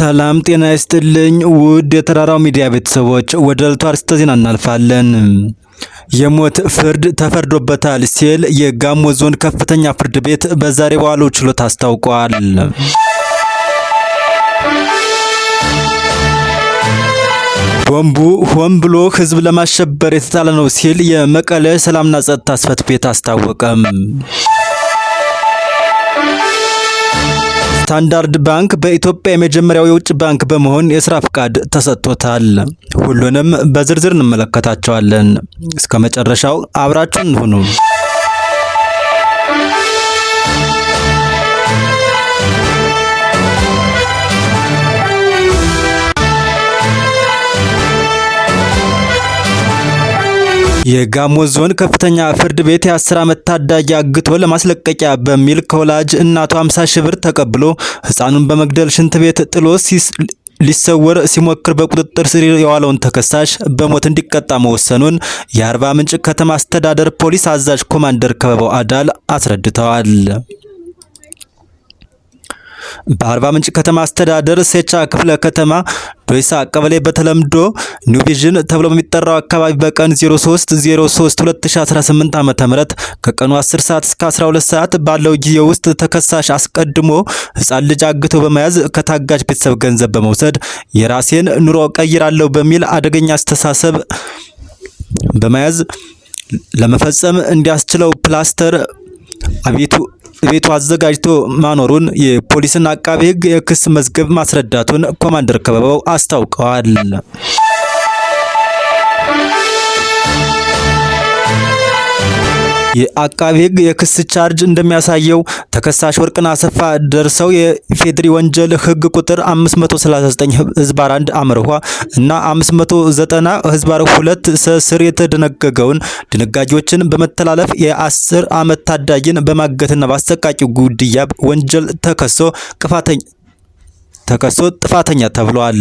ሰላም ጤና ይስጥልኝ ውድ የተራራው ሚዲያ ቤተሰቦች፣ ወደ ዕለቱ አርዕስተ ዜና እናልፋለን። የሞት ፍርድ ተፈርዶበታል ሲል የጋሞ ዞን ከፍተኛ ፍርድ ቤት በዛሬ በዋለው ችሎት አስታውቋል። ቦምቡ ሆን ብሎ ህዝብ ለማሸበር የተጣለ ነው ሲል የመቀለ ሰላምና ጸጥታ ጽሕፈት ቤት አስታወቀም። ስታንዳርድ ባንክ በኢትዮጵያ የመጀመሪያው የውጭ ባንክ በመሆን የስራ ፍቃድ ተሰጥቶታል። ሁሉንም በዝርዝር እንመለከታቸዋለን። እስከ መጨረሻው አብራችሁን ሁኑ። የጋሞ ዞን ከፍተኛ ፍርድ ቤት የ10 ዓመት ታዳጊ አግቶ ለማስለቀቂያ በሚል ከወላጅ እናቱ 50 ሺህ ብር ተቀብሎ ህፃኑን በመግደል ሽንት ቤት ጥሎ ሊሰወር ሲሞክር በቁጥጥር ስር የዋለውን ተከሳሽ በሞት እንዲቀጣ መወሰኑን የአርባ ምንጭ ከተማ አስተዳደር ፖሊስ አዛዥ ኮማንደር ከበበው አዳል አስረድተዋል። በአርባ ምንጭ ከተማ አስተዳደር ሴቻ ክፍለ ከተማ ዶይሳ ቀበሌ በተለምዶ ኒውቪዥን ተብሎ በሚጠራው አካባቢ በቀን 03 03 2018 ዓ.ም ከቀኑ 10 ሰዓት እስከ 12 ሰዓት ባለው ጊዜ ውስጥ ተከሳሽ አስቀድሞ ህፃን ልጅ አግቶ በመያዝ ከታጋጅ ቤተሰብ ገንዘብ በመውሰድ የራሴን ኑሮ ቀይራለሁ በሚል አደገኛ አስተሳሰብ በመያዝ ለመፈጸም እንዲያስችለው ፕላስተር አቤቱ ቤቱ አዘጋጅቶ ማኖሩን የፖሊስና አቃቤ ሕግ የክስ መዝገብ ማስረዳቱን ኮማንደር ከበበው አስታውቀዋል። የአቃቢ ህግ የክስ ቻርጅ እንደሚያሳየው ተከሳሽ ወርቅነህ አሰፋ ደርሰው የፌድሪ ወንጀል ህግ ቁጥር 539 ህዝባር 1 አምርኋ እና 590 ህዝባር 2 ስር የተደነገገውን ድንጋጌዎችን በመተላለፍ የ10 ዓመት ታዳጊን በማገትና በአሰቃቂ ጉድያ ወንጀል ተከሶ ጥፋተኛ ተብሏል።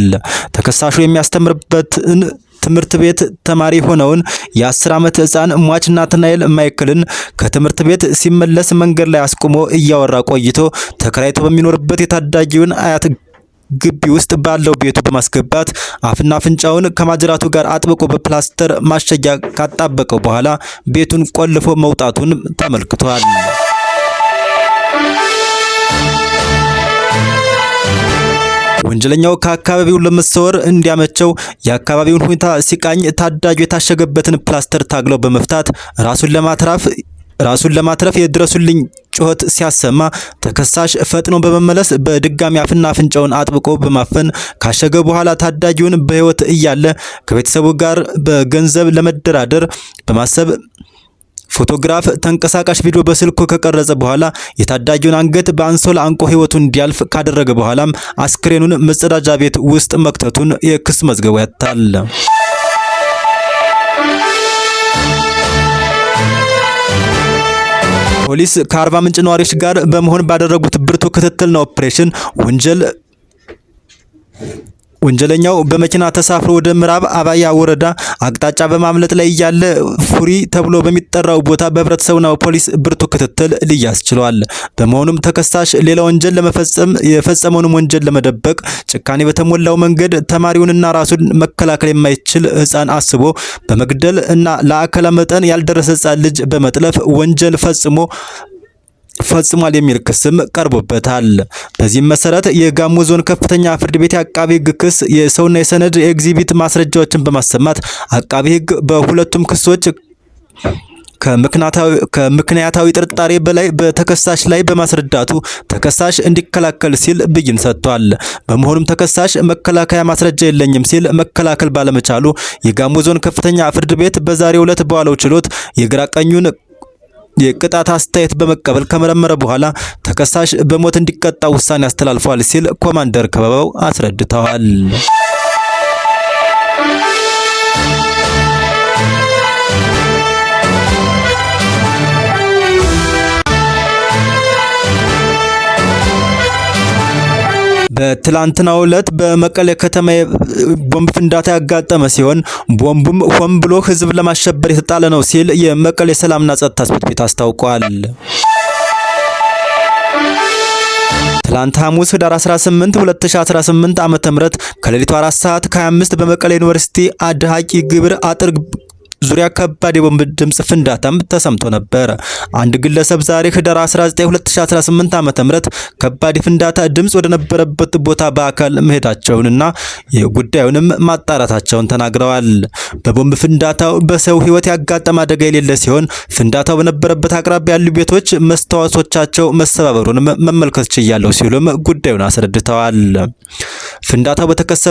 ተከሳሹ የሚያስተምርበትን ትምህርት ቤት ተማሪ ሆነውን የ10 ዓመት ህፃን ሟች ናትናኤል ማይክልን ከትምህርት ቤት ሲመለስ መንገድ ላይ አስቁሞ እያወራ ቆይቶ ተከራይቶ በሚኖርበት የታዳጊውን አያት ግቢ ውስጥ ባለው ቤቱ በማስገባት አፍና አፍንጫውን ከማጅራቱ ጋር አጥብቆ በፕላስተር ማሸጊያ ካጣበቀው በኋላ ቤቱን ቆልፎ መውጣቱን ተመልክቷል። ወንጀለኛው ከአካባቢው ለመሰወር እንዲያመቸው የአካባቢውን ሁኔታ ሲቃኝ ታዳጁ የታሸገበትን ፕላስተር ታግለው በመፍታት ራሱን ለማትረፍ ራሱን ለማትረፍ የድረሱልኝ ጩኸት ሲያሰማ ተከሳሽ ፈጥኖ በመመለስ በድጋሚ አፍና አፍንጫውን አጥብቆ በማፈን ካሸገ በኋላ ታዳጊውን በሕይወት እያለ ከቤተሰቡ ጋር በገንዘብ ለመደራደር በማሰብ ፎቶግራፍ ተንቀሳቃሽ ቪዲዮ በስልኩ ከቀረጸ በኋላ የታዳጊውን አንገት በአንሶላ አንቆ ህይወቱ እንዲያልፍ ካደረገ በኋላም አስክሬኑን መጸዳጃ ቤት ውስጥ መክተቱን የክስ መዝገቡ ያትታል። ፖሊስ ከአርባ ምንጭ ነዋሪዎች ጋር በመሆን ባደረጉት ብርቱ ክትትልና ኦፕሬሽን ወንጀል ወንጀለኛው በመኪና ተሳፍሮ ወደ ምዕራብ አባያ ወረዳ አቅጣጫ በማምለጥ ላይ እያለ ፉሪ ተብሎ በሚጠራው ቦታ በህብረተሰቡና ፖሊስ ብርቱ ክትትል ሊያስ ችሏል። በመሆኑም ተከሳሽ ሌላ ወንጀል ለመፈጸም የፈጸመውንም ወንጀል ለመደበቅ ጭካኔ በተሞላው መንገድ ተማሪውንና ራሱን መከላከል የማይችል ህፃን አስቦ በመግደል እና ለአካለ መጠን ያልደረሰ ህፃን ልጅ በመጥለፍ ወንጀል ፈጽሞ ፈጽሟል የሚል ክስም ቀርቦበታል። በዚህም መሰረት የጋሞ ዞን ከፍተኛ ፍርድ ቤት የአቃቢ ህግ ክስ የሰውና የሰነድ ኤግዚቢት ማስረጃዎችን በማሰማት አቃቢ ህግ በሁለቱም ክሶች ከምክንያታዊ ጥርጣሬ በላይ በተከሳሽ ላይ በማስረዳቱ ተከሳሽ እንዲከላከል ሲል ብይን ሰጥቷል። በመሆኑም ተከሳሽ መከላከያ ማስረጃ የለኝም ሲል መከላከል ባለመቻሉ የጋሞ ዞን ከፍተኛ ፍርድ ቤት በዛሬው ዕለት በዋለው ችሎት የግራ ቀኙን የቅጣት አስተያየት በመቀበል ከመረመረ በኋላ ተከሳሽ በሞት እንዲቀጣ ውሳኔ አስተላልፏል ሲል ኮማንደር ከበባው አስረድተዋል። በትላንትናው ዕለት በመቀሌ ከተማ ቦምብ ፍንዳታ ያጋጠመ ሲሆን ቦምቡም ሆን ብሎ ህዝብ ለማሸበር የተጣለ ነው ሲል የመቀሌ ሰላምና ጸጥታ ጽሕፈት ቤት አስታውቋል። ትላንት ሐሙስ ህዳር 18 2018 ዓ.ም ከሌሊቱ 4 ሰዓት ከ25 በመቀሌ ዩኒቨርሲቲ አድሃቂ ግብር አጥር ዙሪያ ከባድ የቦምብ ድምጽ ፍንዳታም ተሰምቶ ነበር። አንድ ግለሰብ ዛሬ ህዳር 19 2018 ዓ.ም ከባድ የፍንዳታ ወደ ወደነበረበት ቦታ በአካል መሄዳቸውንና የጉዳዩንም ማጣራታቸውን ተናግረዋል። በቦምብ ፍንዳታው በሰው ህይወት ያጋጠመ አደጋ የሌለ ሲሆን ፍንዳታው በነበረበት አቅራቢያ ያሉ ቤቶች መስታወቶቻቸው መሰባበሩንም መመልከት ችያለሁ ሲሉም ጉዳዩን አስረድተዋል። ፍንዳታው በተከሰ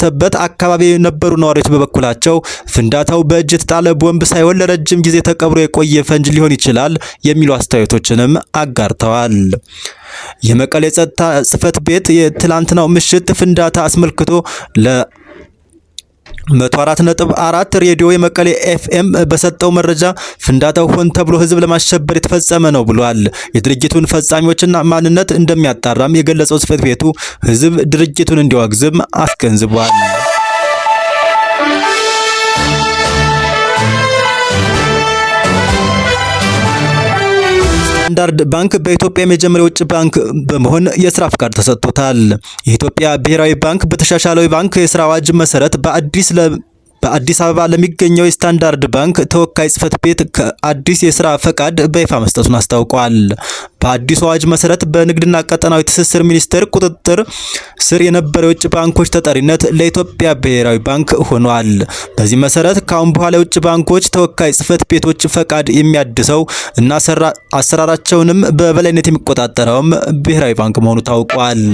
በተመተበት አካባቢ የነበሩ ነዋሪዎች በበኩላቸው ፍንዳታው በእጅ የተጣለ ቦምብ ሳይሆን ለረጅም ጊዜ ተቀብሮ የቆየ ፈንጅ ሊሆን ይችላል የሚሉ አስተያየቶችንም አጋርተዋል። የመቀሌ ጸጥታ ጽሕፈት ቤት የትላንትናው ምሽት ፍንዳታ አስመልክቶ ለ 104.4 ሬዲዮ የመቀሌ ኤፍኤም በሰጠው መረጃ ፍንዳታው ሆን ተብሎ ህዝብ ለማሸበር የተፈጸመ ነው ብሏል። የድርጅቱን ፈጻሚዎችና ማንነት እንደሚያጣራም የገለጸው ጽሕፈት ቤቱ ህዝብ ድርጅቱን እንዲዋግዝም አስገንዝቧል። ስታንዳርድ ባንክ በኢትዮጵያ የመጀመሪያ ውጭ ባንክ በመሆን የስራ ፍቃድ ተሰጥቶታል። የኢትዮጵያ ብሔራዊ ባንክ በተሻሻለው ባንክ የስራ አዋጅ መሰረት በአዲስ በአዲስ አበባ ለሚገኘው የስታንዳርድ ባንክ ተወካይ ጽህፈት ቤት ከአዲስ የስራ ፈቃድ በይፋ መስጠቱን አስታውቋል። በአዲሱ አዋጅ መሰረት በንግድና ቀጠናዊ ትስስር ሚኒስቴር ቁጥጥር ስር የነበረው የውጭ ባንኮች ተጠሪነት ለኢትዮጵያ ብሔራዊ ባንክ ሆኗል። በዚህ መሰረት ካሁን በኋላ የውጭ ባንኮች ተወካይ ጽህፈት ቤቶች ፈቃድ የሚያድሰው እና አሰራራቸውንም በበላይነት የሚቆጣጠረውም ብሔራዊ ባንክ መሆኑ ታውቋል።